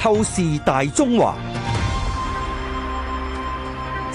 透視大中華。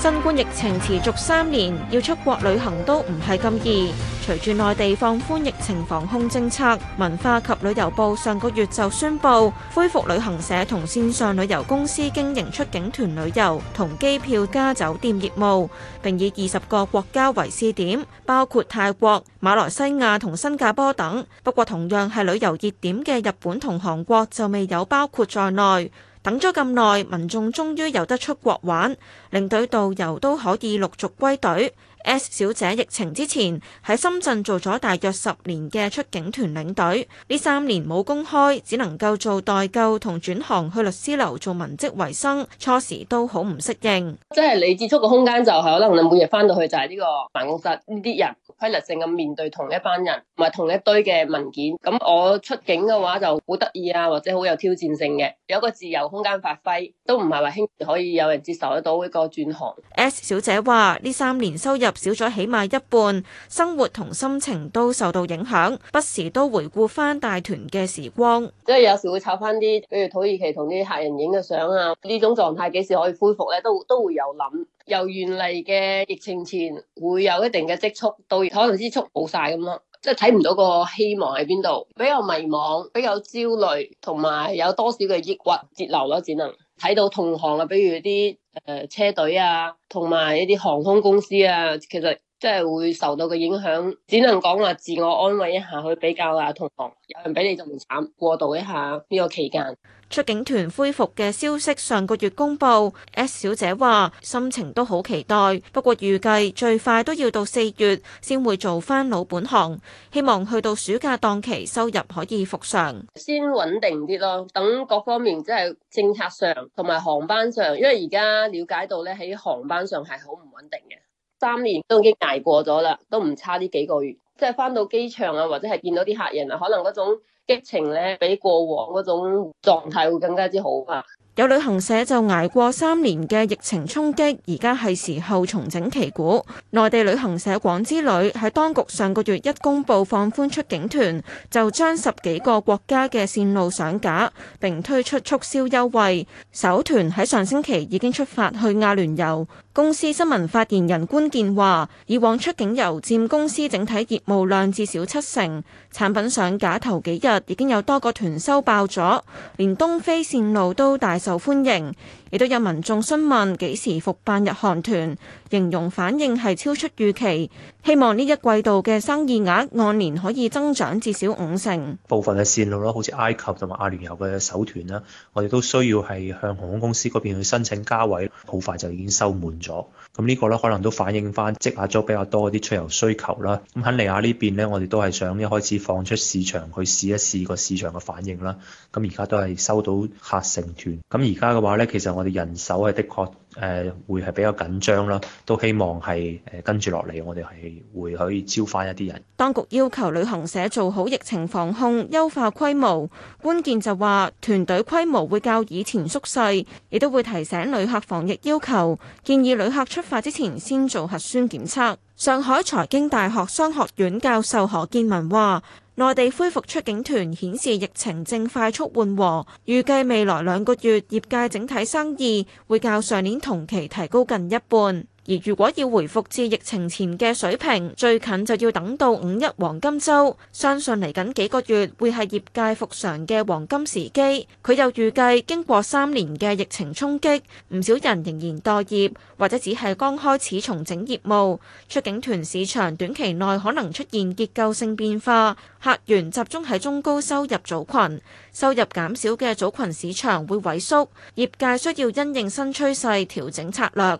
新冠疫情持續三年，要出國旅行都唔係咁易。隨住內地放寬疫情防控政策，文化及旅遊部上個月就宣布恢復旅行社同線上旅遊公司經營出境團旅遊同機票加酒店業務，並以二十個國家為試點，包括泰國、馬來西亞同新加坡等。不過，同樣係旅遊熱點嘅日本同韓國就未有包括在內。等咗咁耐，民眾終於有得出國玩，領隊導遊都可以陸續歸隊。S 小姐疫情之前喺深圳做咗大約十年嘅出境團領隊，呢三年冇工開，只能夠做代購同轉行去律師樓做文職維生，初時都好唔適應。即係你接觸嘅空間就係可能你每日返到去就係呢個辦公室呢啲人。規律性咁面對同一班人唔係同一堆嘅文件，咁我出境嘅話就好得意啊，或者好有挑戰性嘅，有一個自由空間發揮，都唔係話輕易可以有人接受得到呢個轉行。S 小姐話：呢三年收入少咗起碼一半，生活同心情都受到影響，不時都回顧翻大團嘅時光。即係有時會抄翻啲，譬如土耳其同啲客人影嘅相啊，呢種狀態幾時可以恢復咧？都都會有諗。由原嚟嘅疫情前會有一定嘅積蓄，到可能資蓄冇晒咁咯，即係睇唔到個希望喺邊度，比較迷茫、比較焦慮，同埋有多少嘅抑鬱節流咯，只能睇到同行啊，比如啲誒、呃、車隊啊，同埋一啲航空公司啊，其實。即係會受到個影響，只能講話自我安慰一下，去比較下同學，有人比你仲慘，過渡一下呢個期間。出境團恢復嘅消息上個月公布，S 小姐話心情都好期待，不過預計最快都要到四月先會做翻老本行，希望去到暑假檔期收入可以復上，先穩定啲咯。等各方面即係政策上同埋航班上，因為而家了解到咧喺航班上係好唔穩定嘅。三年都已經捱過咗啦，都唔差呢幾個月，即係翻到機場啊，或者係見到啲客人啊，可能嗰種激情咧，比過往嗰種狀態會更加之好啊。有旅行社就捱過三年嘅疫情衝擊，而家係時候重整旗鼓。內地旅行社廣之旅喺當局上個月一公布放寬出境團，就將十幾個國家嘅線路上架，並推出促銷優惠。首團喺上星期已經出發去亞聯遊，公司新聞發言人官健話，以往出境遊佔公司整體業務量至少七成，產品上架頭幾日已經有多個團收爆咗，連東非線路都大受歡迎。亦都有民眾詢問幾時復辦日韓團，形容反應係超出預期。希望呢一季度嘅生意額按年可以增長至少五成。部分嘅線路咯，好似埃及同埋阿聯酋嘅首團啦，我哋都需要係向航空公司嗰邊去申請加位，好快就已經收滿咗。咁呢個咧可能都反映翻積壓咗比較多啲出遊需求啦。咁肯尼亞呢邊呢，我哋都係想一開始放出市場去試一試個市場嘅反應啦。咁而家都係收到客成團。咁而家嘅話呢，其實我。人手係的確誒會係比較緊張啦，都希望係誒跟住落嚟，我哋係會可以招翻一啲人。當局要求旅行社做好疫情防控、優化規模，關鍵就話團隊規模會較以前縮細，亦都會提醒旅客防疫要求，建議旅客出發之前先做核酸檢測。上海財經大學商學院教授何建文話，內地恢復出境團顯示疫情正快速緩和，預計未來兩個月業界整體生意會較上年同期提高近一半。而如果要回復至疫情前嘅水平，最近就要等到五一黃金周，相信嚟緊幾個月會係業界復常嘅黃金時機，佢又預計經過三年嘅疫情衝擊，唔少人仍然待業或者只係剛開始重整業務，出境團市場短期內可能出現結構性變化，客源集中喺中高收入組群，收入減少嘅組群市場會萎縮，業界需要因應新趨勢調整策略。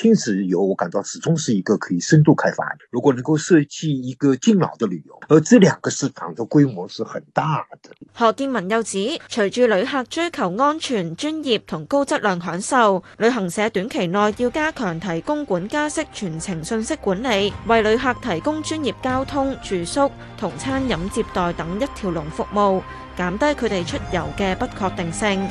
親子遊我感到始終是一個可以深度開發的，如果能夠設計一個敬老的旅遊，而這兩個市場的規模是很大的。何建文又指，隨住旅客追求安全、專業同高質量享受，旅行社短期內要加強提供管家式全程信息管理，為旅客提供專業交通、住宿同餐飲接待等一條龍服務，減低佢哋出遊嘅不確定性。